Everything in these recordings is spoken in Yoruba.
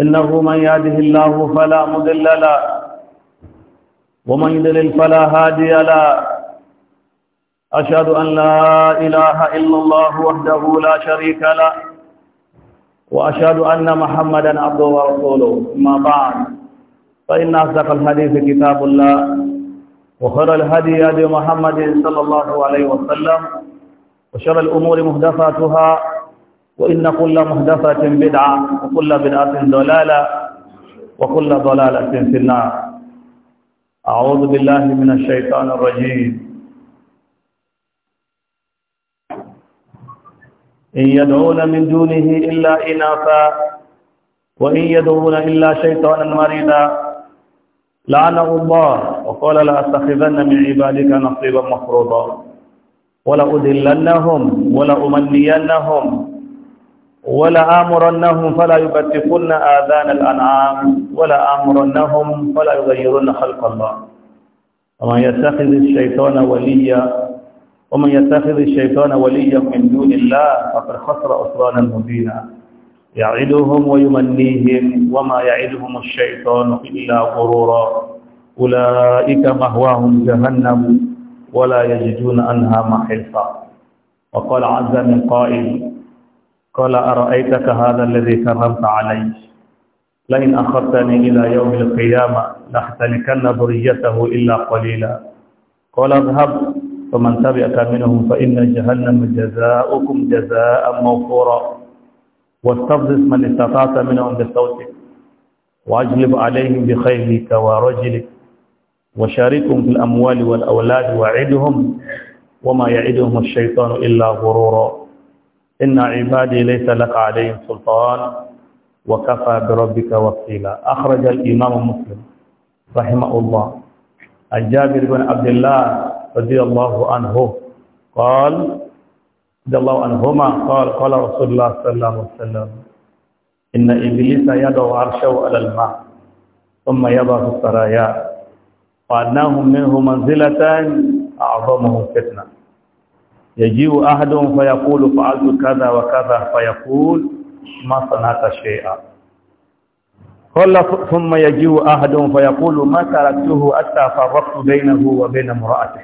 إنه من يهده الله فلا مضل له ومن يضلل فلا هادي له أشهد أن لا إله إلا الله وحده لا شريك له وأشهد أن محمدا عبده ورسوله ما بعد فإن أصدق الحديث كتاب الله وخير الهدي هدي محمد صلى الله عليه وسلم وشر الأمور محدثاتها وإن كل مهدفة بدعة وكل بدعة ضلالة وكل ضلالة في النار أعوذ بالله من الشيطان الرجيم إن يدعون من دونه إلا إناثا وإن يدعون إلا شيطانا مريدا لعنه الله وقال لأتخذن من عبادك نصيبا مفروضا ولأذلنهم ولأمنينهم ولا امرنهم فلا يبتكن اذان الانعام ولا امرنهم فلا يغيرن خلق الله ومن يتخذ الشيطان وليا ومن يتخذ الشيطان وليا من دون الله فقد خسر اسرانا مبينا يعدهم ويمنيهم وما يعدهم الشيطان الا غرورا اولئك مهواهم جهنم ولا يجدون عنها محيصا وقال عز من قائل قال أرأيتك هذا الذي كرمت علي لئن أخذتني إلى يوم القيامة لاختلكن ذريته إلا قليلا قال اذهب فمن تبعك منهم فإن جهنم جزاؤكم جزاء موفورا واستفزز من استطعت منهم بصوتك واجلب عليهم بخيلك ورجلك وشاركهم في الأموال والأولاد وعدهم وما يعدهم الشيطان إلا غرورا إن عبادي ليس لك عليهم سلطان وكفى بربك وكيلا أخرج الإمام مسلم رحمه الله عن جابر بن عبد الله رضي الله عنه قال رضي الله عنهما قال قال رسول الله صلى الله عليه وسلم إن إبليس يدعو عرشه على الماء ثم يضع في السرايا وأنهم منه منزلة أعظمه فتنة يجيء أحد فيقول فعلت كذا وكذا فيقول ما صنعت شيئا قال ثم يجيء أحد فيقول ما تركته حتى فرقت بينه وبين امرأته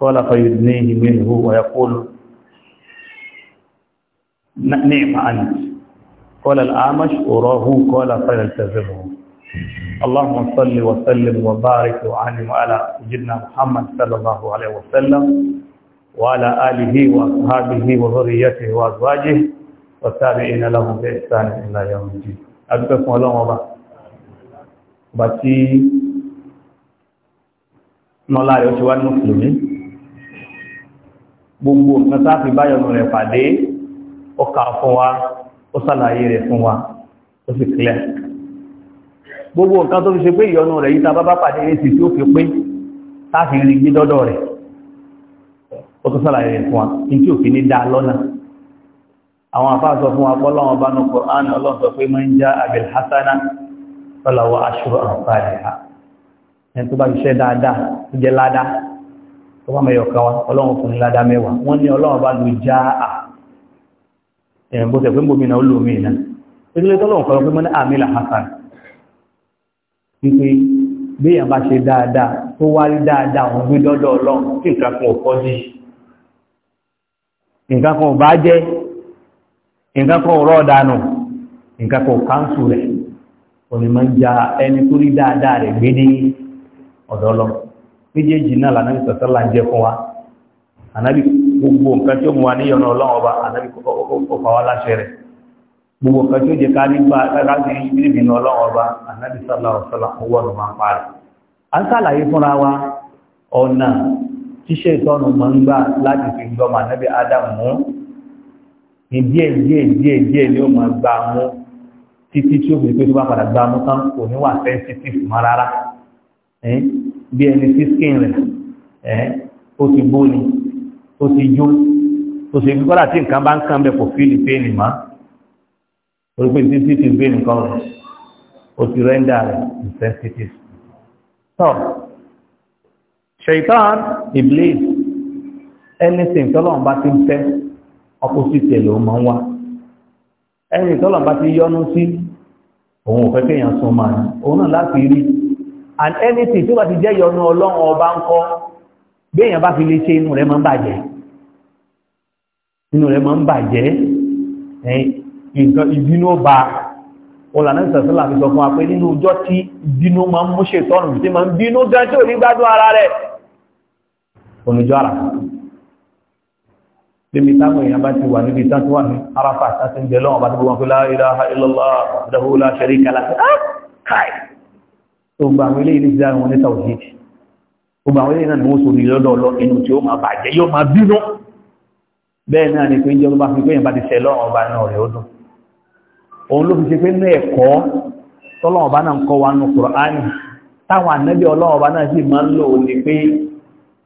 قال فيدنيه منه ويقول نعم أنت قال الأعمش أراه قال فيلتزمه اللهم صل وسلم وبارك وعلم على سيدنا محمد صلى الله عليه وسلم وعلى آله وأصحابه وذريته وأزواجه والتابعين لهم بإحسان إلى يوم الدين أدبكم الله وبا باتي نولا يوتيوان مسلمي gbogbo nǹkan tá fi báyọ̀nù rẹ̀ pàdé ó kà fún wa ó sàlàyé rẹ̀ fún wa ó sì clear gbogbo nǹkan tó fi ṣe pé ìyọnu rẹ̀ yíta bá bá pàdé èsì tí ó fi pé tá fi rí gbé dọ́dọ̀ rẹ̀ ó tún sọ́lá rẹ̀ fún wa ní tí òfin ní dá lọ́nà àwọn àfáà sọ fún wa pọ́ lọ́wọ́ bá ní Kùránì ọlọ́run sọ pé máa ń já abil hasana sọ́lọ́wọ́ aṣọ àǹfààní ha ẹni tó bá ṣiṣẹ́ dáadáa tó jẹ́ ládàá tó bá mẹ́yọ̀ kan wa ọlọ́run fún ní ládàá mẹ́wàá wọ́n ní ọlọ́run bá bí èèyàn ṣe dáadáa tó wá dáadáa òun gbé dọ́dọ̀ ọlọ́run kí nǹkan ò kọ́ sí i nǹkan kan ò bá jẹ́ nǹkan kan ò rọ́ dànù nǹkan kan ò káńsù rẹ̀ òní máa ń ja ẹni tó rí dáadáa rẹ̀ gbé ní ọ̀dọ́ lọ méjèèjì náà lànà ìsọ̀tọ́ là ń jẹ́ fún wa ànábì gbogbo nǹkan tí ó mú wa ní ọ̀nà ọlọ́run ọba ànábì kò fà wá láṣẹ rẹ̀ gbogbo nǹkan tí ó jẹ́ kárí gba kárí bíbí ní ọlọ́run ọba ànábì sọ́lá ọ̀sọ́lá owó ọ̀nà máa ń parí. à tíṣẹ́ ìtọ́nù máa ń gbà láti fi gbọ́mà nẹ́bí adam mú ní díẹ̀ díẹ̀ díẹ̀ díẹ̀ ni ó máa gbà mú títí tí ó fi pé tó bá padà gbà mú tán kò ní wà sensitive mọ́ rárá bí ẹni tí skin rẹ̀ ó ti bó ni ó ti jó ó sì fi kọ́lá tí nǹkan bá ń kàn bẹ́ẹ̀ kò fíìlì péènì mọ́ orí pé títí ti gbé nǹkan rẹ̀ ó ti rẹ́ńdà rẹ̀ insensitive. Shaitan, iblis anything tọ́lọ́run bá ti ń opposite ló máa ń wá ẹni tọ́lọ́run bá ti yọnu sí òun ò fẹ́ kéèyàn sún máa ní òun náà láti rí and anything tó bá ti jẹ́ yọnu ọlọ́run ọba ń kọ́ béèyàn bá fi lè ṣe inú rẹ̀ máa ń bàjẹ́ inú rẹ̀ máa ń bàjẹ́ nǹkan ìbínú ọba ọ̀lànà ìsẹ̀sílà fi sọ fún wa pé nínú ọjọ́ tí ìbínú máa ń mú ṣètọ́nù tí máa ń bínú gan tí ò ní gbádùn ara rẹ̀ oníjọ́ àràfà níbi táwọn èèyàn bá ti wà níbi tán tó wà ní àràfà àti ń bẹ̀lọ́ ọba tó gbogbo pé la ilaha illallah wahdahu la sharika lah ah, káì tó gba àwọn eléyìí ti dáhùn ní tawhid gbogbo àwọn eléyìí náà ni wọ́n sọ nílò lọ́lọ́ inú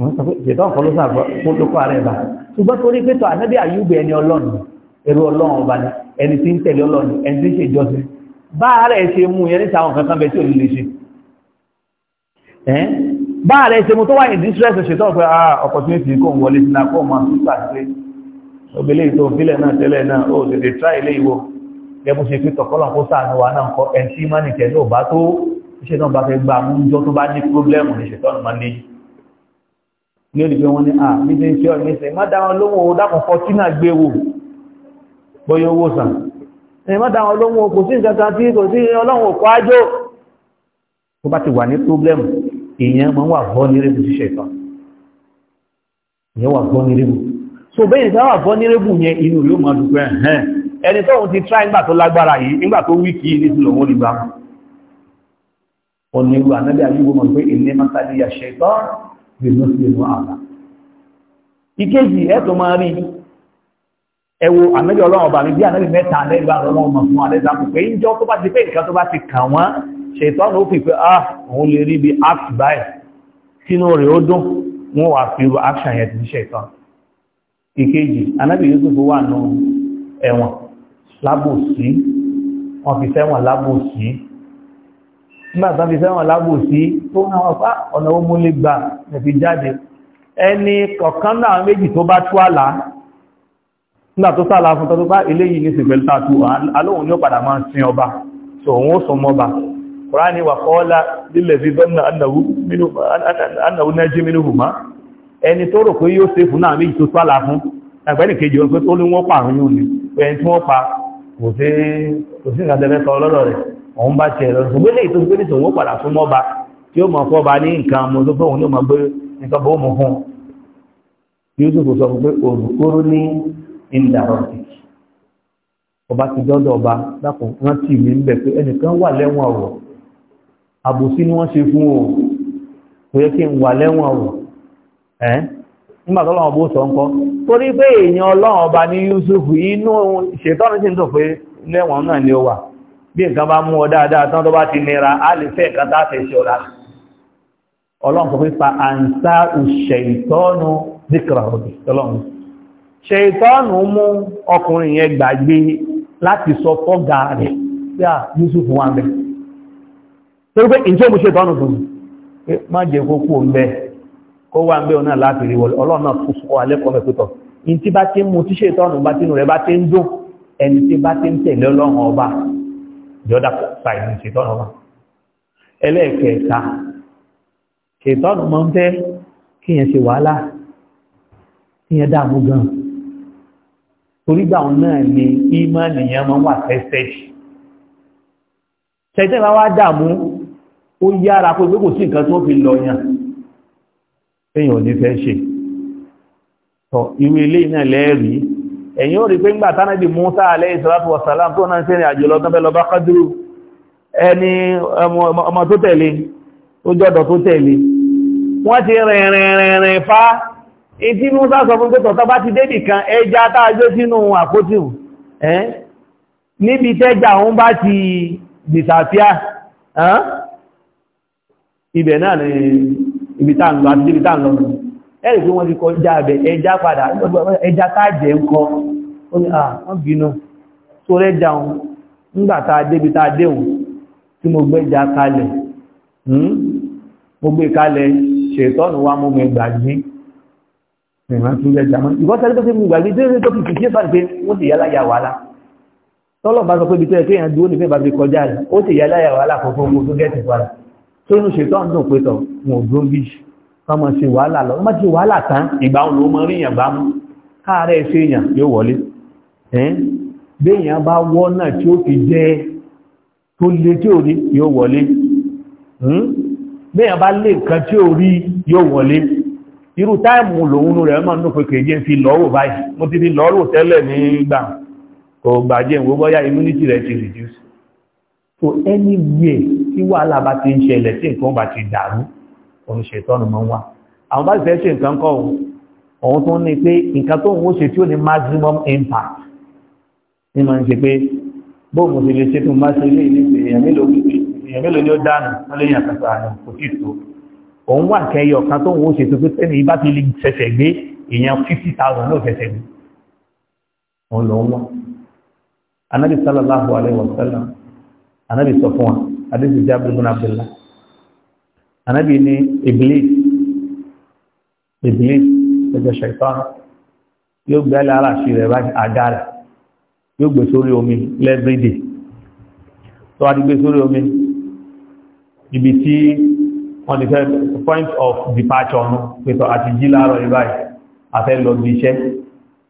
wọ́n sọ pé ìṣẹ̀tọ́ kan ló sàgbọ́ kó ló kọ́ ara ẹ̀ bá ni ẹni tí ń tẹ̀lé ọlọ́run ẹni tí ń ṣe ìjọsìn bá ara ẹ̀ ṣe mú yẹn níta àwọn kankan bẹ tí distress ṣètọ́ pé ah opportunity kò ń wọlé sí náà kó máa súpà sí obìnrin ètò ìbílẹ̀ try ilé ìwọ gẹ́gùn ṣe pé tọ̀kọ́lọ̀ kó sáànù wa náà kọ ẹ̀ńtí mánìkẹ́ ní ò bá tó iṣẹ́ náà bá fẹ́ gbà mú jọ tó bá ní problem ní ṣètọ́nù máa ní olùgbé wọn ní àà ní ṣe ọ̀rọ̀ ní ṣe má dáwọn olóhun o dákùn fọ́tínà gbé wò bóyá má dáwọn olóhun o kò sí nǹkan kan tí kò sí ọlọ́run òkú ájò tó bá ti wà ní pọ́blẹ́mù èèyàn máa wà bọ́ ní rébù ṣíṣe ìtàn èèyàn wà bọ́ ní rébù so bẹ́ẹ̀ ní sáwà bọ́ ní rébù yẹn inú yóò máa dùpẹ́ ẹ̀hẹ́n ẹni tóun ti try nígbà tó lágbára yìí nígbà tó wíkì ní ti lòun olùgbà ọ̀nà ìlú ànábì àyíwò pé ènìyàn máa tàbí àṣẹ gbèmọ́ sí ẹnu àlà ìkéjì ẹ̀tọ́ máa rí ẹwọ ànábì ọlọ́run ọba mi bí ànábì mẹ́ta lẹ́gbà ọlọ́run ọmọ fún alẹ́sàkù pé ń jọ tó bá ti pé nǹkan tó bá ti kàn wọ́n ṣètọ́nù ó fi pé ah òun lè rí bí act by sínú rẹ̀ ó dún wọ́n wà fi action yẹn ti ṣètọ́n ìkéjì ànábì Yusuf wà nù ẹ̀wọ̀n lábòsí wọ́n fi sẹ́wọ̀n lábòsí nígbàtán fi sẹ́wọ̀n lábòsí tó náà wọ́n fá ah, ọ̀nà ó múlé gbà nìfi jáde ẹni kọ̀kan náà méjì tó bá tú àlá nígbà tó sàlá fún tọ́tọ́ bá ah, eléyìí ní sìgbẹ̀lú tàtù alóhun ní ó padà máa sin ọba so òun ó sọ mọ́ba kùránì wà kọ́ọ́lá lílẹ̀ fi gọ́nà annáwó nẹ́jí mínú hùmá ẹni tó rò pé yóò ṣe fún náà méjì tó tú àlá fún ẹgbẹ́ni kejì wọn pé tó ní wọ́n pààrùn yóò ní pé ẹni tí wọ́n pa kò sí ìgbàtẹ́fẹ́ sọ lọ́dọ̀ rẹ̀ òun bá tiẹ̀ lọ ṣùgbọ́n lè tó ní sòwò padà fún mọ́ba tí ó mọ̀ fọ́ba ní nǹkan mo tó ní ọmọ nǹkan bó mọ̀ fún Yusuf sọ pé òrùkúrú ní ọba ti dọ́dọ̀ ọba rántí mi ń bẹ̀ pé ẹnìkan wà lẹ́wọ̀n o kò yẹ kí n wà lẹ́wọ̀n ọ̀rọ̀ ẹ́ nígbà tó lọ́wọ́ bó sọ ọba ní Yusuf inú ṣètọ́nù ń tò pé bí nǹkan bá mú ọ dáadáa tán tó bá ti nira a lè fẹ́ ẹ̀kan táà fẹ́ ṣe ọ̀la ọlọ́run kò fi pa àǹsá ṣẹ̀ìtọ́nù díkìrà ọ̀dẹ̀ ọlọ́run ṣẹ̀ìtọ́nù mú ọkùnrin yẹn gbàgbé láti sọ fọ́gà rẹ̀ sí à Yusuf wà ń bẹ̀ torí pé ìjọ́ mú ṣẹ̀ìtọ́nù fún mi má ẹni tí bá ti ń tẹ̀lé ọlọ́run ọba the other side ní ṣètọ́nù wa ẹlẹ́ẹ̀kẹta ṣètọ́nù máa ń fẹ́ kí yẹn ṣe wàhálà kí yẹn dààmú gan torí gbà wọn náà ni ìmọ̀ nìyẹn máa ń wà tẹ́sẹ̀ ṣẹ̀tẹ̀ bá wá dààmú ó yára pé kò sí nǹkan tó fi lọ yàn èèyàn ò ní fẹ́ ṣe tọ irú eléyìí náà lẹ́ẹ̀rí ẹ̀yìn ó rí pé ńgbà tánàbí Musa alayhi salatu wassalam tó náà sẹ́rìn àjò lọ́tán bẹ́lọ bá kádúrú ẹni ọmọ tó tẹ̀lé tó jọ́dọ̀ tó tẹ̀lé wọ́n ti rìnrìnrìn fa ìtí Musa sọ fún pẹ́tọ̀ tọ́ bá ti débì kan ẹja táàjọ́ sínú àpótíù níbi tẹ́jà òun bá ti dìsàfíà ibẹ̀ ẹ̀rì tí wọ́n ti kọjá abẹ ẹja padà ẹja táàjẹ̀ ń kọ ó ní à wọ́n bínú tó rẹ́jà òun nígbà tá a débi tá a dé òun tí mo gbẹ́ja kalẹ̀ hmm? mo gbé e kalẹ̀ ṣètọ́nù wa mo mẹ gbàgbé ìrìnà tó rẹ́jà mọ́ ìgbọ́sẹ̀ tó fi mú gbàgbé tó rẹ́ tó fi kìí fà pé wọ́n rẹ̀ tó gẹ́ẹ̀tì ọmọ ṣe wàhálà lọ ọmọ ṣe wàhálà tán ìgbà òun ló mọ rí èèyàn bá mú káàárẹ̀ ṣe èèyàn yóò wọlé béèyàn bá wọ́ náà tí ó fi jẹ́ tó lé tí ò rí yóò wọlé béèyàn bá lé nǹkan tí ò rí yóò wọlé irú táìmù lòun rẹ̀ mọ́ ní pé kèje fi lọ́wọ́ báyìí mo ti fi lọ́rò tẹ́lẹ̀ ní gbà kò gbàjẹ́ ìwò bọ́yá immunity rẹ̀ ti reduce so anywhere tí wàhálà bá ti ń ṣẹlẹ̀ tí nǹkan bá ti dàrú òun ṣètọ́nù mọ́ wá àwọn bá fẹ́ ṣe nǹkan kọ́ òun tó ní pé nǹkan tó ń wó ṣe tí ó ní maximum impact ní ma ń ṣe pé bóòmù ti lè ṣe tó má ṣe ilé ilé èèyàn mélòó ni ó dánù wọ́n lè yàn kàtà àyàn kò tí tó òun wà kẹyọ kan tó ń wó ṣe tó pé tẹ́ni bá ti lè ṣẹ̀ṣẹ̀ gbé èèyàn 50,000 ló ṣẹ̀ṣẹ̀ gbé òun lòun wọ́n anábì sallallahu alaihi wasallam anábì sọ fún wa adéṣe jábìlì bin abdullahi anábì ní iblis iblis ẹjọ́ ṣẹ̀tọ́n yóò gbé lára sí rẹ̀ báyìí àga rẹ̀ yóò gbé sórí omi lẹ́bírídì tó wá ti gbé sórí omi ibi tí wọ́n ti fẹ́ point of departure nù pẹ̀tọ̀ àti jí láàárọ̀ yìí báyìí àfẹ́ lọ bí iṣẹ́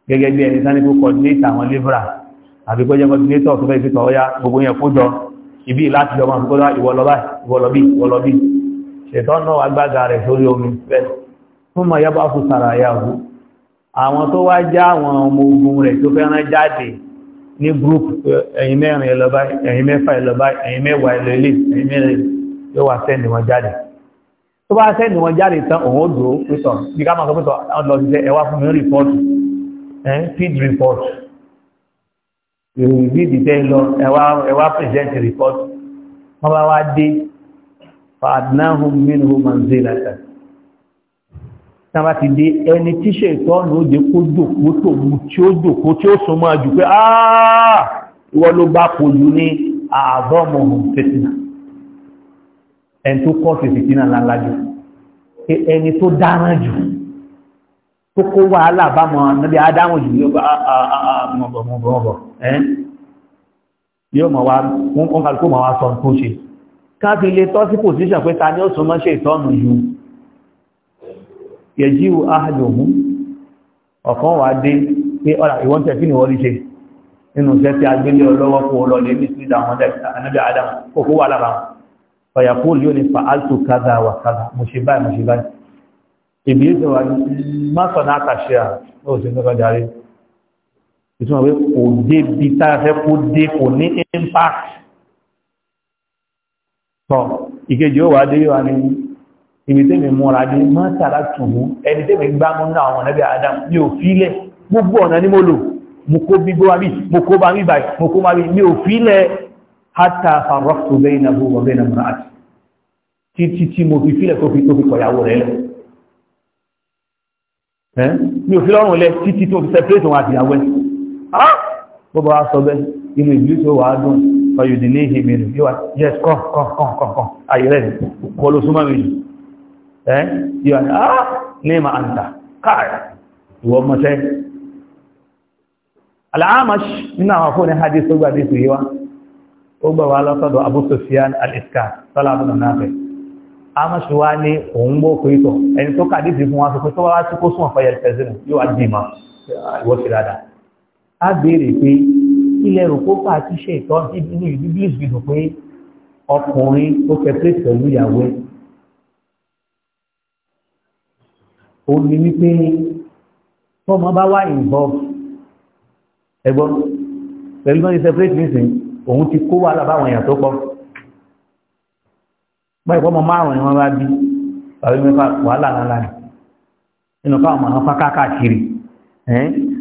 gẹ́gẹ́ bí ẹni sáré kó coordinate àwọn libra àbí kó jẹ́ coordinator tó fẹ́ fi tọ̀ ọ́yá gbogbo yẹn kó jọ ibi láti jọ máa fi kó lọ́wọ́ ìwọ lọ ṣètọ́ náà agbága rẹ̀ sórí omi fẹ́ fún mọ̀ yábá fún sàrà yàwó àwọn tó wá já àwọn ọmọ ogun rẹ̀ tó fẹ́ rán jáde ní gúrùpù ẹ̀yin mẹ́rin ẹlọ́bá ẹ̀yin mẹ́fà ẹlọ́bá ẹ̀yin mẹ́wàá ẹlọ́lé ẹ̀yin feed report ìròyìn bí ìdìtẹ́ lọ ẹwà present report wọ́n bá wá dé fàdínáhùn mínú manzilata tàbá ti dé ẹni tíṣẹ́ ìtọ́nù ó jẹ́ kó jòkó tó mú tí ó jòkó tí ó súnmọ́ àjù pé àà ìwọ ló bá kojú ní àádọ́mọ̀hùn fìtínà ẹni tó kọ́ fìtínà lálájú ẹni tó dára jù tó kó wàhálà káfí lè tọ́ sí pòsíṣàn pé ta ní ó sọ mọ́ ṣe ìtọ́nù yìí yẹjíwò áhàdùnmú ọ̀kan wà dé pé ọ̀rà ìwọ́n tẹ̀ kí ni wọ́n rí ṣe nínú iṣẹ́ tí a gbé lé ọlọ́wọ́ kó lọ lè ní sí àwọn anábì adam kò kó wà lára wọn ọ̀yà kó lè ní fa alto kaza wà kaza mo ṣe báyìí mo ṣe báyìí èmi yóò wà ní má sọ náà kàṣẹ à ó sì ní kọjá rí ìtumọ̀ pé kò dé bí táyà kó dé kò ní impact tọ́ ìkejì ó wà dé yóò wà ní ibi tẹ́mi múra dé mọ́tàlá tùhú ẹni tẹ́mi gbá mú ní àwọn ọ̀nẹ́bẹ̀ adam ní òfílẹ̀ gbogbo ọ̀nà ní mo lò mo kó gbígbó wá bí mo kó bá rí báyìí mo kó bá rí ní òfílẹ̀ hátà farọ́fù bẹ́ẹ̀ na bó wọ́n bẹ́ẹ̀ na múra àti títí tí mo fi fílẹ̀ tó fi tó fi kọ̀yàwó rẹ̀ lẹ̀ mi ò fi lọ́rùn lẹ títí tó fi sẹpẹ́rẹ́tì wọn àti ìyàwó ẹ̀ wa sọ fayudinihi minu you are yes come come come come come are you ready kolo suma mi eh you are ah nema anta kai ìwọ mo se al-amash nina wa ko ni hadith tó gbà dé tó yiwa ó wá lọ sọ́dọ̀ abu sufyan al-iska sala abu nafi amash wa ni on bo ko ito en tó ka wa sọ tó wá ti ko sun fa yel fezin you are dima ìwọ sirada a béèrè pé ilẹ̀ rògbòkà àti ṣe ìtọ́ inú English fi dùn pé ọkùnrin ó fẹ́ẹ́ pẹ̀lú ìyàwó ẹ̀. ó ní wípé tọ́mọ bá wà involve ẹgbọ́n pẹ̀lú náà ní separate nísìn òun ti kó wà lábáwọn èèyàn tó pọ̀ báyìí pọ́mọ márùn-ún ni wọ́n bá bí wàhálà lálàá nínú káwọn máa ń fa káàkiri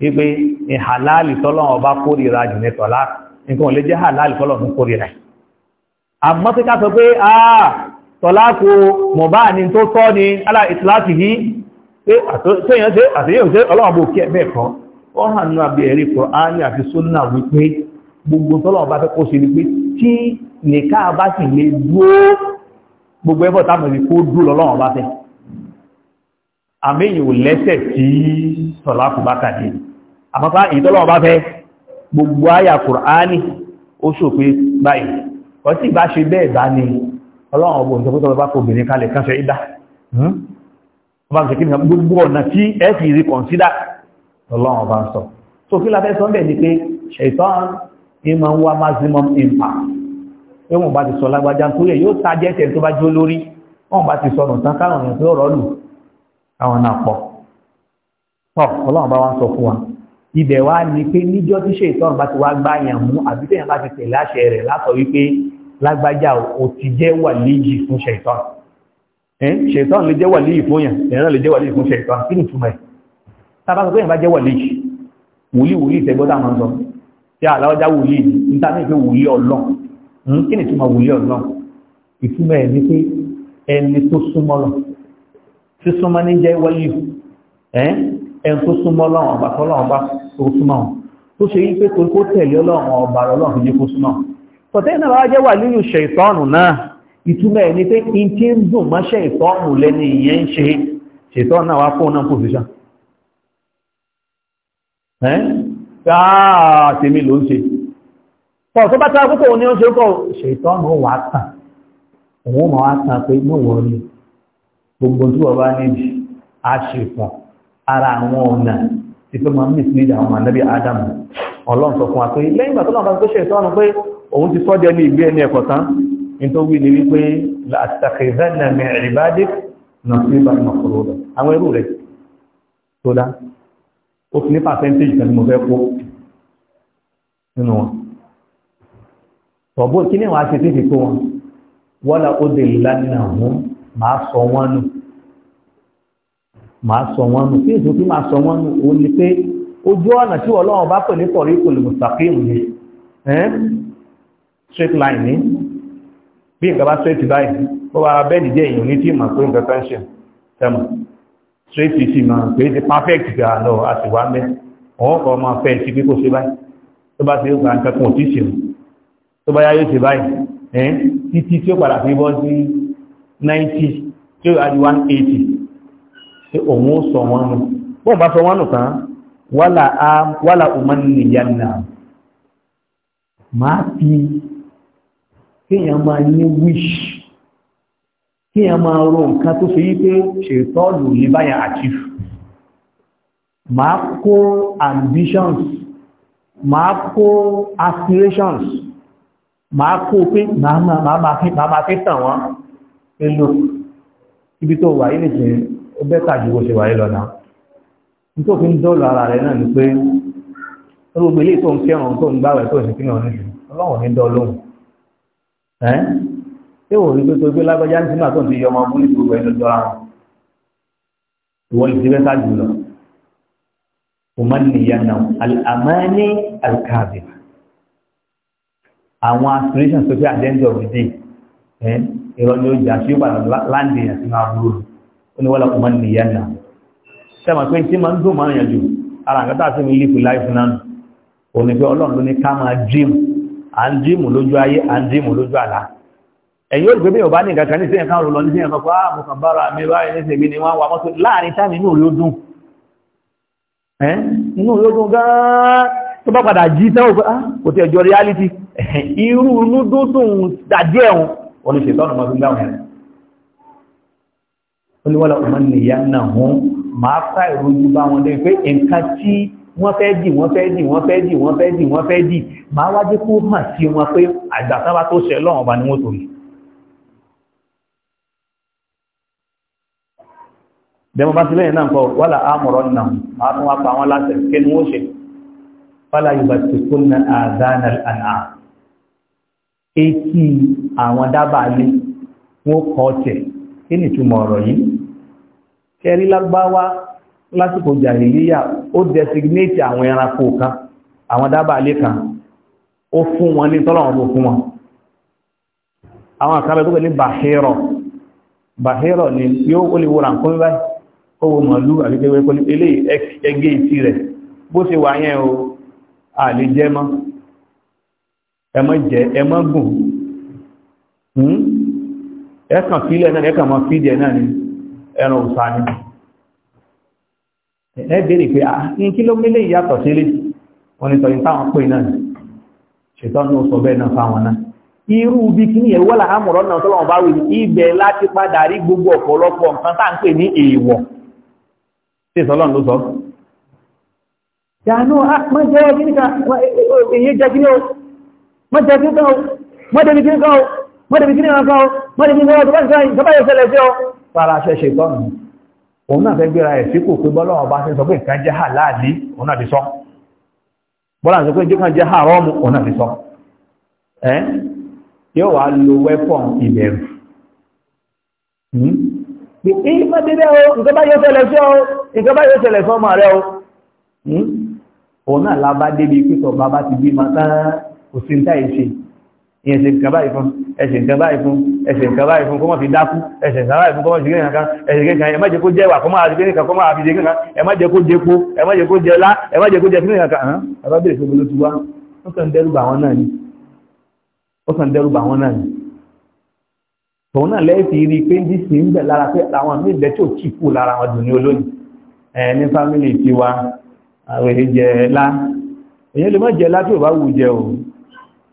wípé ìhàláàlì tọ́lọ́wọ́ bá kórìíra jù ní tọ́lá nǹkan ò lè jẹ́ hàláàlì tọ́lọ́wọ́ fún kórìíra àmọ́ tí ká sọ pé àà ah, tọ́lá kò mọ̀ bá ní tó tọ́ ni alá ìtìláàtì yìí pé àtúnyàn ṣe àtúnyàn ṣe ọlọ́wọ́ bó kí ẹ bẹ́ẹ̀ kọ́ ó hàn ní abẹ́ ẹ̀rí Kùránì àti súnà wípé gbogbo tọ́lọ́wọ́ bá fẹ́ kó ṣe ni pé tí nìka bá sì àpapá ìtọ́lọ̀ bá fẹ́ gbogbo àyà kùránì ó ṣòpé báyìí wọ́n tí bá ṣe bẹ́ẹ̀ bá ní ọlọ́run ọgbọ̀n ìjọpótọ́ bá kò bèèrè kalẹ̀ kan ṣe ìdá ọba ṣe kí ní gbogbo ọ̀nà tí ẹ ọlọ́run ọba ń sọ so kí la fẹ́ sọ bẹ́ẹ̀ ni pé ṣẹ̀tàn ń impact pé wọ́n bá ti sọ lágbájá tó yẹ yóò ta jẹ́tẹ̀ tó bá jó lórí wọ́n bá ti sọnù tán káwọn èèyàn tó rọ́ sọ fún wa ibẹ̀ wá ní pé níjọ́ tí ṣe ìtọ́rùn bá ti wá gbá yàn mú àbí tẹ̀yàn bá ti tẹ̀ láṣẹ rẹ̀ látọ̀ wípé lágbájá ò ti jẹ́ wà léyìí fún ṣètọ́n ṣètọ́n lè jẹ́ wà léyìí fún yàn ẹ̀rọ lè jẹ́ wà léyìí fún ṣètọ́n kí ni túmọ̀ ẹ̀ tábà sọ pé yàn bá ni túmọ̀ wòlíì ọlọ́n ìtumọ̀ ẹ̀ ni pé ẹni tó súnmọ́ lọ sísúnmọ́ ní tó súnmọ́ lọ́wọ́ ọ̀bà tọ́lọ́wọ́ tó súnmọ́ tó ṣe yí pé tó kó tẹ̀lé ọlọ́run ọba ọlọ́run fi jẹ́ kó súnmọ́ tọ̀tẹ́ náà wá jẹ́ wà lílù ṣe ìtọ́nù náà ìtumọ̀ ẹ̀ ni pé in tí ń dùn mọ́ṣẹ́ ìtọ́nù lẹ́ni ìyẹn ṣe ṣe pọ̀ a ṣe fún ara àwọn ọ̀nà ìfẹ́ máa ń mìí sí àwọn ànábì Ádámù ọlọ́run sọ fún wa pé lẹ́yìn ìgbà tó lọ́nà tó ṣe ìtọ́nà pé òun ti sọ́dẹ ní ìgbé ẹni ẹ̀kọ̀ tán in tó wí ní wípé látàkìrẹ́nà mẹ́rìnbádé na sí bá máa sọ wọn nù kí èso kí máa sọ wọn nù òun ni pé ojú ọ̀nà tí ọlọ́run bá pè ní tọ̀rí kò lè mùsàkìm ni straight line ni bí nǹkan bá straight line bó bá bẹ́ẹ̀ nìjẹ́ èèyàn ní tí mà pé nǹkan kan tẹ́mọ̀ straight sí mà pé ti perfect gbà lọ a sì wá mẹ́ ọ̀hún kan máa fẹ́ sí pé kò ṣe báyìí tó bá ti ń gba nǹkan kan ò tí ì ṣe tó bá yá yóò ṣe báyìí títí tí ó padà fi bọ́ sí 90 tí ó yá 180 pé òun ó sọ wọn nù bóun bá sọ wọn nù tán wàlà á wàlà òmán nìyá nà máa fi kéèyàn máa ní wíṣì kéèyàn máa ro nǹkan tó ṣe yí pé ṣètọ́ọ̀lù ní báyà àchífù máa kó ambitions máa kó aspirations máa kó pé máa máa fi tàn wọ́n pẹ̀lú ibi tó wà yìí nìyẹn ó bẹ́tà ju bó ṣe wáyé lọ náà nítorí ń dọ́ọ̀lù ara rẹ̀ náà ni pé olùgbé ilé tó ń kẹrùn tó ń gbàwẹ̀ tó ń ṣe kíni ọ̀nìṣù ọlọ́run ní dọ́ lóhùn ẹ́ ṣé wò rí pé tó gbé lágbájá ní sínú àtúntò iye ọmọ abúlé gbogbo ẹni lọ́dọ̀ ara ìwọ lè ti bẹ́tà jù lọ òmánìyànà àmánì àlùkàbì àwọn aspirations tó fi àdéhùn ọ̀gbìn dé ẹ́ ìrọ̀ ni ó ó padà láǹdì oníwọ́lá kò máa nìyà náà sẹ́mà pé tí máa ń dùn máa yànjú ara nǹkan tàbí mi lífù láìfù náà ò ní pé ọlọ́run ló ní ká máa jíìmù à ń jíìmù lójú ayé à ń jíìmù lójú àlá ẹ̀yìn olùgbé bí ọba ní nǹkan kan ní sẹ́yìn kan lọ ní sẹ́yìn kan fún àmọ́ kan bára mi báyìí ní sẹ́yìn ni wọ́n wà mọ́tò láàrin táàmì inú rí ó dùn inú rí ó dùn gan-an tó bá padà jí sẹ́wọ̀n pé ah, kò tẹ̀ jọ reality irú inú dúdùn dàdí ẹ̀hún oníṣètọ́nù mọ́ fi gbáwọn ẹ̀rẹ́ olúwọ́lá ọmọnìyà náà hún máa fà ìrójú bá wọn lè pé nǹkan tí wọ́n fẹ́ dì wọ́n fẹ́ dì wọ́n fẹ́ dì wọ́n fẹ́ dì wọ́n fẹ́ dì máa wájú kó mà sí wọn pé àgbàsábà tó ṣẹ lọ́wọ́n bá ní wọ́n torí bẹ́mọ̀ bá ti lẹ́yìn náà kọ wọ́lá àmọ̀rọ̀ náà máa tún wá pa wọn láti kí ni wọ́n ṣe fọ́lá yorùbá ti kún ní àdánà àná etí àwọn dábàá ní wọ́n kọ́ tẹ̀ kí ni ìtumọ̀ ọ̀rọ̀ yìí kẹrí lágbáwá lásìkò jàhìlíyà ó designate àwọn ẹranko kan àwọn kan ó fún wọn ní tọ́lọ̀wọ́n tó fún wọn àwọn àkàbẹ̀ tó pẹ̀ ní ni yóò ó lè wo ràǹkún báyìí ó wo màálù àríkẹ́wẹ́ pẹ̀lú ilé ẹgbẹ́ o àlè jẹ́ mọ́ ẹmọ́ jẹ́ ẹmọ́ gùn hmm? fílẹ̀ náà mọ́ fídíẹ̀ ẹran òsà ni bèèrè pé ní kí ló mílé ìyàtọ̀ sí lè wọ́n ni pè náà ṣètọ́ ní oṣù bẹ́ẹ̀ náà fáwọn náà irú bí kí ní ẹ̀wọ́ là náà bá wí ibẹ̀ láti padà rí gbogbo mọ́dé bí kí ní ọkọ̀ mọ́dé bí lọ́wọ́ tó bá ṣe ìjọba yóò ṣẹlẹ̀ sí ọ fara aṣẹ́ ṣe tọ́nù òun náà fẹ́ gbéra ẹ̀ sí kò pé bọ́lọ́wọ́ bá ṣe sọ pé nǹkan jẹ́ halali òun náà ti sọ bọ́lá sọ pé nǹkan jẹ́ haramu òun náà ti sọ ẹ́ yóò wá lo wẹ́pọ̀n ìbẹ̀rù pé kí mọ́dé bẹ́ ẹ̀sìn kan báyìí fún ẹ̀sìn kan báyìí fún kó mọ́ fi dákú ẹ̀sìn kan báyìí fún kó mọ́ fi gẹ́gẹ́ kan ẹ̀sìn gẹ́gẹ́ ẹ má jẹ́ kó jẹ́ wà kó máa fi gẹ́gẹ́ kó máa fi gẹ́gẹ́ kan ẹ má jẹ́ kó jẹ́ kó ẹ má jẹ́ kó jẹ́ lá ẹ má jẹ́ kó jẹ́ fi gẹ́gẹ́ kan hàn bàbá bèrè pé bolo ti wá ó kàn dẹ́rù bà wọ́n náà ni ó kàn dẹ́rù bà wọ́n náà ni tòun náà lẹ́yìn ti rí i pé ní sì ń bẹ̀ lára pé àwọn míì bẹ́ tí ò tí kú lára wọn dùn ní olóyìn ẹ ní fámìlì tiwa àwọn èyí jẹ lá èyí lè má jẹ lá tí ò bá wù jẹ o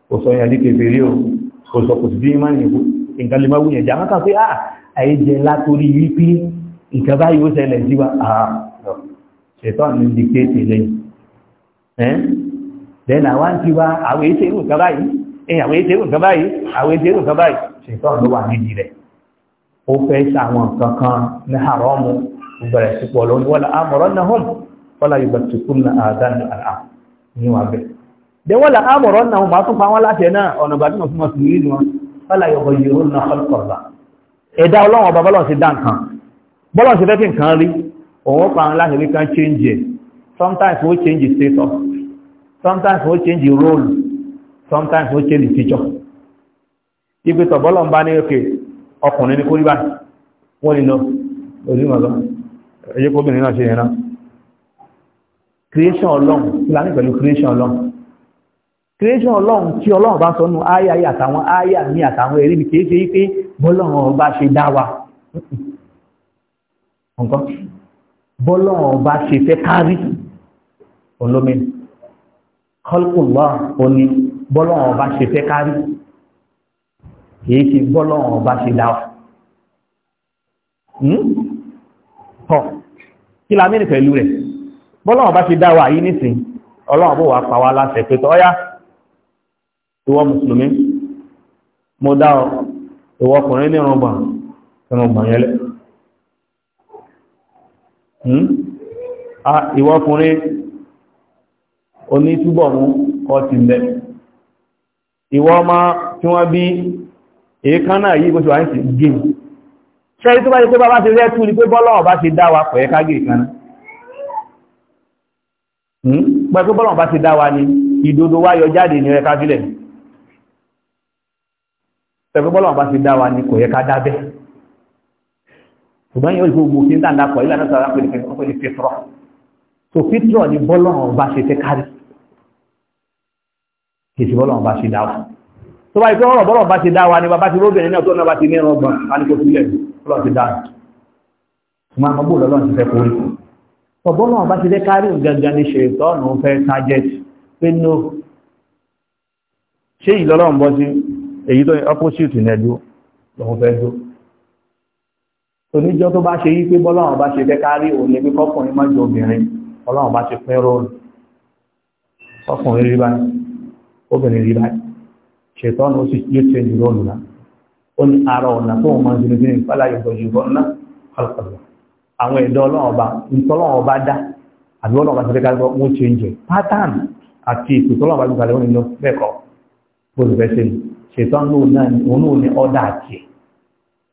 kò sọ yẹn ní kò sọ kò sí bí má yẹn kó nǹkan lè má wúyẹn jẹ àwọn kan pé ah àyè jẹ látorí wípé nǹkan báyìí ó ṣẹlẹ̀ sí wa ah ṣètò àmì ń dikéètì lẹ́yìn ẹ́ lẹ́nà àwọn ti wá àwọn èsè irú nǹkan báyìí ẹ̀yìn àwọn èsè irú nǹkan báyìí àwọn èsè irú rẹ̀ ó fẹ́ ṣàwọn nǹkan kan ní àrọ́mù gbẹ̀rẹ̀ sípò lọ́wọ́ wọ́n la àmọ̀ràn náà hàn wọ́n la yóò bá tukú ní àdánù dẹwọ́ là ámọ̀rọ̀ náà wọ́n bá tún pa wọ́n láti ẹ̀nà ọ̀nà ìgbàdínà fún ọ̀sùn yìí ni wọ́n fẹ́lá yọ̀bọ̀ yìí na kọ́lùkọ̀lá ẹ̀dá ọlọ́wọ̀n ọba bọ́lọ̀ sí dá nǹkan bọ́lọ̀ sí fẹ́kì nǹkan rí òun pa wọn láti rí kan change it sometimes ó change status sometimes ó change role sometimes ó change teacher ibi tọ̀ bọ́lọ̀ ń bá ní òkè ọkùnrin ní kórí báyìí wọ́n ni lọ ojúmọ̀ lọ ẹ̀yẹ́ kóbìnrin náà ṣe yẹn náà creation ọlọ́run kí la ní pẹ̀lú creation ọlọ́run creation ọlọ́run tí ọlọ́run bá sọ́nù ayá yìí àtàwọn ayá ní àtàwọn ẹ̀rí kìí ṣe pé bọ́lọ́run ọba ṣe dá wa nǹkan bọ́lọ́run ọba ṣe fẹ́ kárí olómi kọ́lùkùnlọ́ òní bọ́lọ́run ọba ṣe fẹ́ kárí kìí ṣe bọ́lọ́run ọba ṣe dá wa hmm? tọ́ kí la mẹ́rin pẹ̀lú rẹ̀ bọ́lọ́run ọba ṣe dá yìí nísìn ọlọ́run bó wà pa wá láṣẹ pé tọ́ ọ́yá ìwọ mùsùlùmí mo dá ọ ìwọ ọkùnrin ní ìrọ̀gbọ̀n ìrọ̀gbọ̀n yẹlẹ̀ hmm? ìwọ ọkùnrin oní túbọ̀ mú ọtí lẹ̀ ìwọ ọmọ tí wọ́n bí èékánná yìí bó ṣe wà ní sí gé ṣẹ́rí tó bá ti pé bá bá ti rẹ́ tú ni pé bọ́lọ́wọ̀ bá ti dá wa pẹ̀ẹ́ ká gé pẹ̀ẹ́ hmm? pé bọ́lọ́wọ̀ bá ti dá wa ni ìdodo wá jáde ní rẹ tẹ̀gbọ́lọ́ bá ti dá wa ní kò yẹ ká dábẹ́ ṣùgbọ́n yóò gbogbo gbogbo ní dáadáa ìlànà sọ̀rọ̀ pẹ̀lú fitrọ̀ so fitrọ̀ ni bọ́lọ̀ bá ṣe fẹ́ kárí kìí bọ́lọ̀ bá ṣe dá wa tó bá ìpínlẹ̀ bọ́lọ̀ bá ṣe dá ni bàbá ti róbìnrin náà tó náà bá ti ní ọgbọ̀n àníkò sílẹ̀ bọ́lọ̀ ti dá wa ọmọ bóòlọ́ lọ́n ti fẹ́ kórí bọ́lọ̀ bá ṣe fẹ́ èyí tó opposite ní ẹjọ́ lọ́wọ́ fẹ́ jó oníjọ́ tó bá ṣe yí pé bọ́lọ́wọ́n bá ṣe fẹ́ kárí òun ní pípọ́ ọkùnrin má ju obìnrin ọlọ́wọ́n bá ṣe pín róòlù ọkùnrin rí báyìí obìnrin rí báyìí ṣètọ́nù ó sì yóò ṣe jù róòlù náà ó ní ara ọ̀nà tó wọn máa ń sinmi ní ìpàlà yọ̀bọ̀ yọ̀bọ̀ ńlá ọ̀pọ̀lọpọ̀ àwọn ẹ̀dọ́ ọlọ́wọ́n bá ntọ́lọ́wọ́n bá dá àbí ọlọ́wọ́n bá ṣe fẹ́ kárí wọ́n change pattern àti ìpìtọ́lọ́wọ́n bá gbé kalẹ̀ wọn nínú bẹ́ẹ̀ kọ́ bó ṣe fẹ́ ṣe ni ṣètò òun náà ní ọ̀dà àti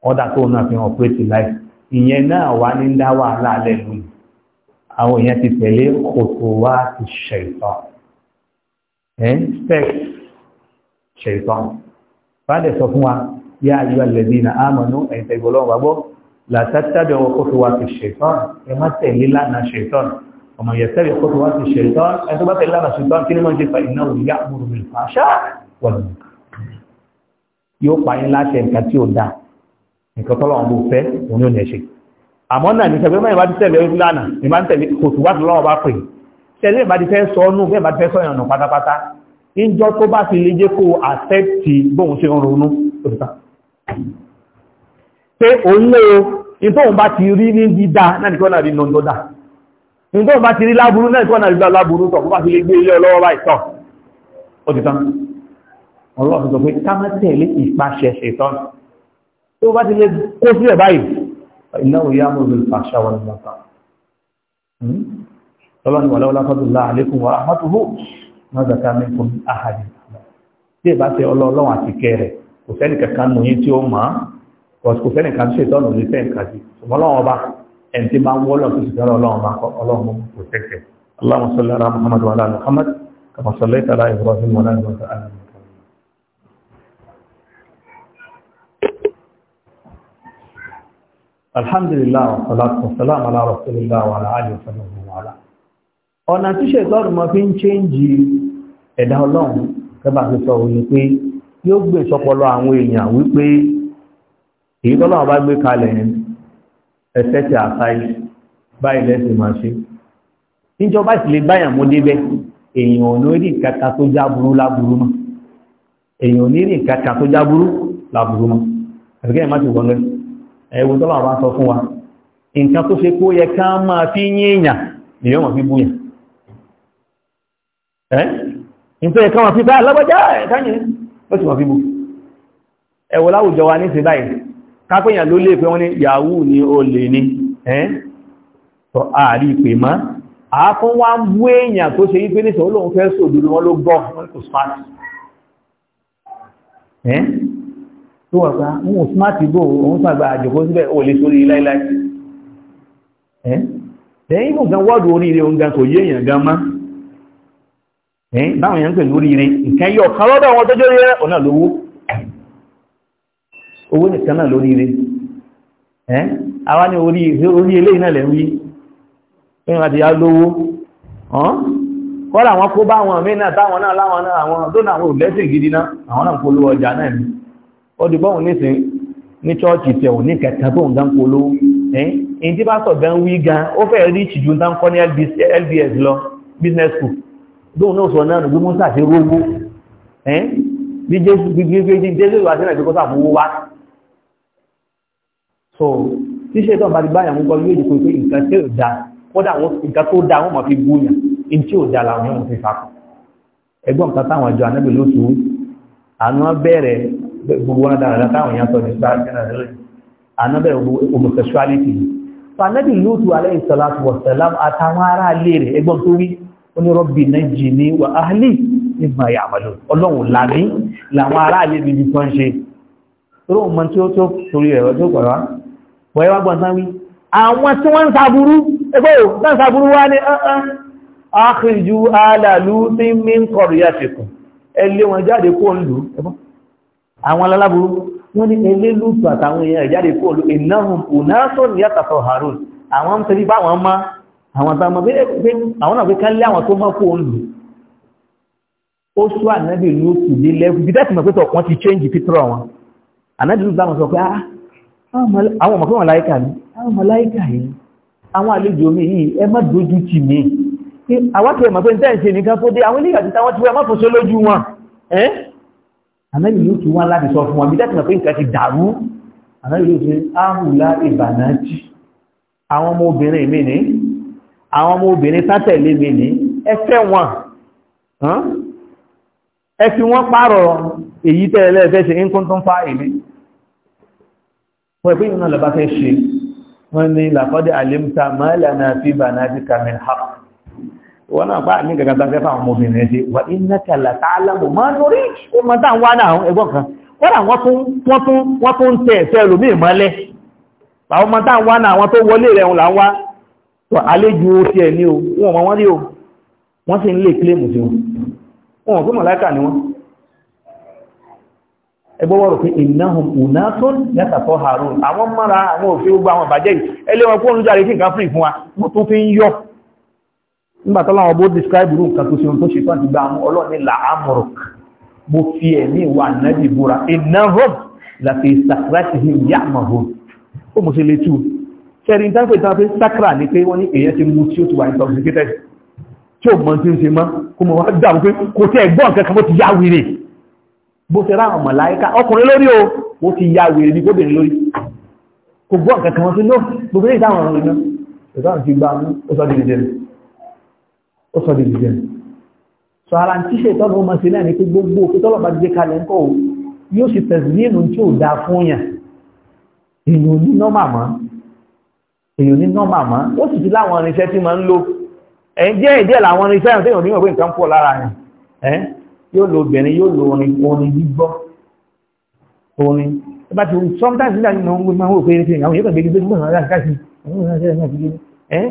ọ̀dà tó náà fi hàn pé ti láì ìyẹn náà wà ní dá wàhálà alẹ́ lónìí àwọn èèyàn ti tẹ̀lé kòtò wá ti ṣẹ̀tọ́ ẹ̀ ń spec ṣẹ̀tọ́ fàdé sọ fún wa yá ayé alẹ́bí na ámọ̀nú ẹ̀ǹtẹ̀gbọ́lọ́wọ́ gbàgbọ́ làtàtàbẹ̀ wọ kòtò wá ti ṣẹ̀tọ́ ẹ má tẹ̀lé lánàá ṣẹ̀tọ́ ọmọ yẹtẹ̀lé kòtò wá ti ṣẹ̀tọ́ ẹ tó bá tẹ̀lé lánàá ṣẹ̀tọ́ kí ni wọ́n ti fa ìnáwó yá múrùmí fàṣà wọ̀lùmí yóò pa yín láṣẹ nǹkan tí ò dáa nǹkan tọ́lọ́ ọ̀bù fẹ́ òun yóò nẹ̀ṣe àmọ́ náà ní sẹ́gbẹ́ mẹ́rin bá ti tẹ̀lé lánà ní bá ń tẹ̀lé kò tù wá tó lọ́wọ́ bá pè tẹ́lẹ̀ bá ti fẹ́ sọ ọ́nù bẹ́ẹ̀ bá ti fẹ́ sọ ìrànà pátápátá níjọ́ tó bá ti lè jẹ́ kó àtẹ́tì bóun ṣe ń ronú òtútà pé òun lé o ìtòun bá ti rí ní dídá náà nìkan náà rí nà ọlọ́run sọ pé kámẹ́tẹ̀lé ìpàṣẹ ṣètọ́nù tó bá ti lè kó sílẹ̀ báyìí ìnáwó yá mú ìlú ìpàṣẹ wọn lọ́ta ọlọ́run wà lọ́wọ́ látọ́dún láà lékún wa àmọ́tòhó mọ́zàká mẹ́kún àhàdì tí ìbá ti ọlọ́run àti kẹrẹ kò sẹ́ni kankan nù yín tí ó mọ̀ kò sẹ́ni kan ṣètọ́nù ní sẹ́ni kàdí mọ́ kò اللهم صل على محمد وعلى محمد كما صليت على ابراهيم alhamdulillah wa salatu wa salam ala rasulillah wa ala alihi wa sallam wa ala ọ̀nà tí ṣètọ́rù mọ́ fi ń chéńjì ẹ̀dá ọlọ́run kẹ́bà ti sọ òye pé yóò gbé sọpọlọ àwọn èèyàn wípé èyí tọ́lọ́run bá gbé kalẹ̀ ẹsẹ̀ ti àtàyè báyìí lẹ́sìn máa ṣe níjọba ìsìlẹ̀ báyàn mú débẹ̀ èèyàn ò ní rí ìkàkà tó jáburú láburú mọ́ èèyàn ò ní rí ìkàkà tó jáburú láburú mọ́ àbíkẹ́ ìmáṣe wọlé ẹ̀wù tọ́lá bá sọ fún wa nǹkan tó ṣe kó yẹ ká máa fi yín èèyàn nìyẹn wọ́n fi búyàn ẹ́ nǹkan yẹ ká máa fi bá alábọ́já ẹ̀káyìn ó sì wọ́n fi bú ẹ̀wù láwùjọ wa ní ìsìn báyìí kápẹ́yàn ló lè pé wọ́n ní yahoo ni olè ni ẹ́ tọ́ ààrí ìpè mọ́ àákún wá ń bú èèyàn tó ṣe wípé nísìn olóhun fẹ́ sòdúrú wọn ló gbọ́ wọn kò smart tó wà pa ń wò smarti bò òun sàgbà àjòkó síbẹ̀ ò lè sórí láíláí ẹ́ lẹ́yìn ìbò gan wọ́ọ̀dù oríire òun gan kò yé èèyàn gan mọ́ ẹ́ báwọn èèyàn ń pè lóríire nǹkan yọ ọ̀kan lọ́dọ̀ àwọn tó na ọ̀nà náà lówó kọ́lá àwọn kó bá àwọn táwọn náà láwọn ọdìgbọ́n nísìn ní chọ́ọ̀chì tẹ̀ ò ní kẹta tó ń dán polo ẹ̀yìn tí bá sọ̀dá ń wí gan ó fẹ́ rí ìṣìjú ń dánkọ́ ní LBS lọ business school dóun náà sọ náà nù gbígbó sáà sí rógbó bí jésù wà sí nàìjíríà sáà fowó wá so tí ṣe tó ń bá ti báyà ń gbọ́ yóò dìkò pé nǹkan tí ò da kódà nǹkan tó da wọn máa fi gbóyàn in tí ò da làwọn yóò fi fakọ ẹgbọ́n kan táwọn àjọ anábìlóṣù àná bẹ̀rẹ̀ gbogbo wọn dára táwọn èèyàn sọ ní sáàkìrì anábẹ̀ homosexuality fanabi lóòtù alayhi salatu wa salam àtàwọn ará alẹ́ rẹ̀ ẹgbọ́n tó rí onírọ́bì najini wa ahli mimma ya'malun ọlọ́run lámí làwọn ará alẹ́ níbi tó ń ṣe torí òun mọ tí ó tó torí ẹ̀rọ tó pọ̀ wá wọ́n wá gbọ́n sáwí àwọn tí ah, ah. wọn jáde kó ń lù ẹgbọ́n àwọn aláburú wọ́n ní elélùtù àtàwọn èèyàn ìjáde kó olú ìnáhùn ònáṣọ́ ní àtàtọ̀ harun àwọn ń tẹ́lí bá wọn má àwọn tàbí pé àwọn náà pé ká lé àwọn tó mọ́ kó olù ó sọ ànábì lóòtù ní lẹ́fù bí dẹ́sì mọ̀ pé tọ̀ wọ́n ti change pítọ̀ wọn ànábì lóòtù bá wọn sọ pé ah, àwọn ọmọ pé wọn láìka ni àwọn ọmọ láìka yìí àwọn àlejò mi yìí ẹ má dojú tì mí àwọn kìí ànábì yóò tún wá láti sọ fún wọn bí dẹ́kun pé nǹkan ti dàrú ànábì yóò tún áhùlá ìbànájì àwọn ọmọ obìnrin mi ní àwọn ọmọ obìnrin sátẹ̀lé mi ní ẹ fẹ́ wọn ẹ fi wọ́n pààrọ̀ èyí tẹ́ ẹlẹ́fẹ́ ṣe ń kún tó ń fa èlé wọ́n ìpínlẹ̀ náà lọ́ba fẹ́ ṣe wọ́n ní làkọ́dẹ̀ àlèmta mọ́lẹ̀ náà fi bànájì kàmìlì hàpù wọn náà bá ní gàgàgbà fẹ́ fáwọn ọmọbìnrin ṣe wà iná kẹlẹ̀ tààlàmù máa ń rí ìmọ̀ tá ń wá náà ẹgbọ́n kan kọ́dà wọ́n tó ń tẹ̀ ẹ̀fẹ́ ẹlòmí ìmọ́lẹ̀ àwọn ọmọ tá ń wá náà wọ́n tó wọlé rẹ̀ ń là ń wá tó àlejò ti o wọn mọ wọn rí o wọ́n sì ń lè kílèmù sí wọn wọn fún mọ̀láìkà ni wọ́n ẹgbọ́n wọ́n rò pé ìnáhùn ìnáhùn yàtàtọ̀ àrùn àwọn mọ́ra àwọn òfin gbogbo àwọn ìbàjẹ́ yìí ẹlẹ́wọ̀n kó nígbàtọ́ láwọn bó describe rú nǹkan tó ṣe ohun tó ṣe tán ti gba àwọn ọlọ́ni làámùrùk mo fi ẹ̀mí ìwà nẹ́bì búra iná rob láti sakrati him yàmàhó ó mo ṣe lè tú ṣẹ́rin tápẹ́ tápẹ́ sakra ní pé wọ́n ní èyàn ti mú tí ó ti wà intoxicated tí ó mọ̀ tí ń ṣe mọ́ kó mọ̀ wá dàbí pé kò tẹ́ ẹ̀gbọ́n kankan bó ti yá wèrè bó ṣe ráhùn màláíkà ọkùnrin lórí o ó ti yá wèrè ní gómìnà lórí kò gbọ́n kankan wọn sí lóòrùn gbogbo ní ìdáhùn ọ̀rọ̀ ìdáhùn ti gbà mú ó sọ́ ó sọ di dìde sọ ara tí ṣe ìtọ́nà ọmọ sí náà ní pé gbogbo òkú tọ́lọ̀ bá dìde kalẹ̀ ńkọ́ o yóò sì tẹ̀sílẹ́nu tí ò dáa fún yàn èèyàn ní nọ́mà mọ́ èèyàn ní nọ́mà mọ́ ó sì ti láwọn irinṣẹ́ tí máa ń lò ẹ̀ ń jẹ́ ìdíẹ̀ làwọn irinṣẹ́ yàn téèyàn níwọ̀n pé nǹkan pọ̀ lára yàn ẹ̀ yóò lo obìnrin yóò lo orin gbígbọ́ orin tó bá ti sometimes nígbà tí mo máa ń wò pé ẹni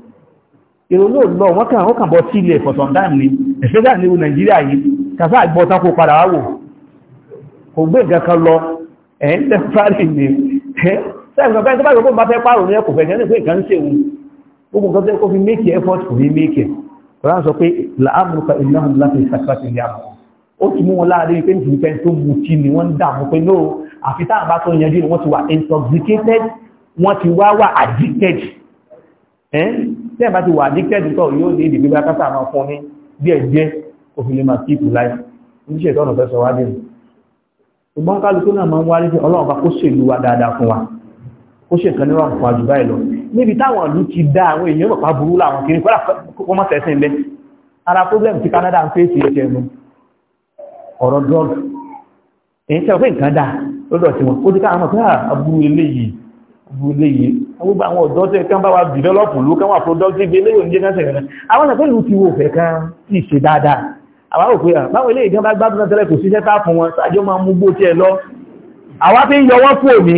ìrònú lọ wọ́n kàn wọ́n kàn bọ́ sí ilẹ̀ for some time ni ìṣẹ́gbà ní nàìjíríà yìí kàfà àgbọ́ta kó padà wáwò kò gbé ìgbẹ̀kan lọ ẹ̀ẹ́lẹ̀ fàárí ni ṣẹ́gbẹ̀kan tó bá ìgbẹ̀kan bá fẹ́ pààrùn ní ẹkùnfẹ́ ní ẹgbẹ̀ ìkan ṣe òun ogun kan tẹ́ kó fi make effort kò ní make ọ̀rán sọ pé làámùrùkà ìlànà láti ìsàkíwàtí ilé àmà ó ti mú wọn láàrin pé nítorí pé tó mú tí ni wọ́n ń dààmú pé no àfi táà bá tó yanjú ni wọ́n ti wà intoxicated wọ́n ti wá wà addicted tí ẹ̀ bá ti wà ní kẹ́ẹ̀dùtọ̀ yóò ní ìdìbí bá kásà máa fún ní díẹ̀ díẹ̀ òfin lè máa kí ìpù láì oníṣẹ́ ìtọ́nà fẹ́ sọ wá dé ṣùgbọ́n kálukú náà máa ń wárí pé ọlọ́run bá kó ṣèlú wa dáadáa fún wa ó ṣe nǹkan nírọ̀ fún àjù báyìí lọ níbi táwọn ìlú ti dá àwọn èèyàn mọ̀pá burú láwọn kiri kọ́lá kó mọ́ tẹ̀sìn lẹ ara problem ti Canada ń fèsì ẹ̀jẹ̀ nu ọ̀rọ̀ drug èyí tẹ́ ọ pé nǹkan dáa lọ́dọ̀ tiwọn ó ti ká àwọn ọ̀pẹ́ àbúrú ah, eléyìí gbogbo yìí gbogbo àwọn ọ̀dọ́ tẹ́ kán bá wa dìvẹ́lọ́pù ló kán wà productive eléyìí oníjẹ́ kán sẹ̀rẹ̀ àwọn ọ̀sẹ̀ pẹ̀lú ti wo fẹ́ kán sì ṣe dáadáa àwọn òkú yà báwọn eléyìí kán bá gbádùn náà tẹ́lẹ̀ kò síṣẹ́ tá fún wọn sáájú máa mú gbó tiẹ̀ lọ àwa fi ń yọ wọ́n fún omi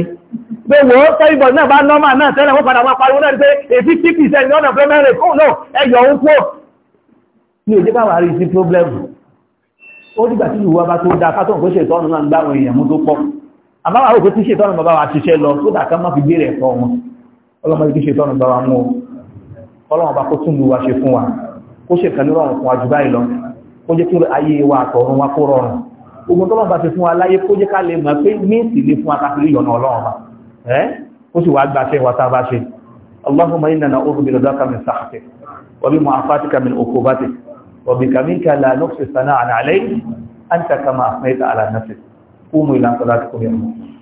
pé wò ó sẹ́yìnbọ̀ náà bá nọ́mà náà tẹ́lẹ̀ wọ́n padà wọn pariwo náà pé èfi fifty percent ní ọ̀nà primary fún náà ẹ yọ òun kúrò ní òjé báwa rí sí problem ó dìgbà tí ìwà bá tó da fátọ̀ nǹkan ṣètọ́ ọ̀nà náà ń gbá àwọn èèyàn mú tó pọ̀ àbáwá òkú tí ṣètọ́nù bàbá wa ṣiṣẹ́ lọ tó dàkà má fi gbére ẹ̀kọ́ wọn ọlọ́mọ ibi ṣètọ́nù bàbá mú ọlọ́mọ bá kó tún lu wa ṣe fún wa kó ṣe kàn lọ́rùn fún wa jù báyìí lọ kó jẹ́ kí ayé wa àtọ̀run wa kó rọrùn ogun tọ́lọ́mọ bá ṣe fún wa láyé kó jẹ́ ká lè mọ̀ pé míǹsì lè fún wa yọ̀nà ọlọ́run ẹ́ kó sì wàá gbàṣẹ́ wa tá a bá ṣe اللهم إنا نعوذ برضاك من سخطك وبمعافاتك من عقوبتك وبك منك لا نحصي ثناء عليك أنت كما أثنيت على نفسك humo y lámparas de gobierno.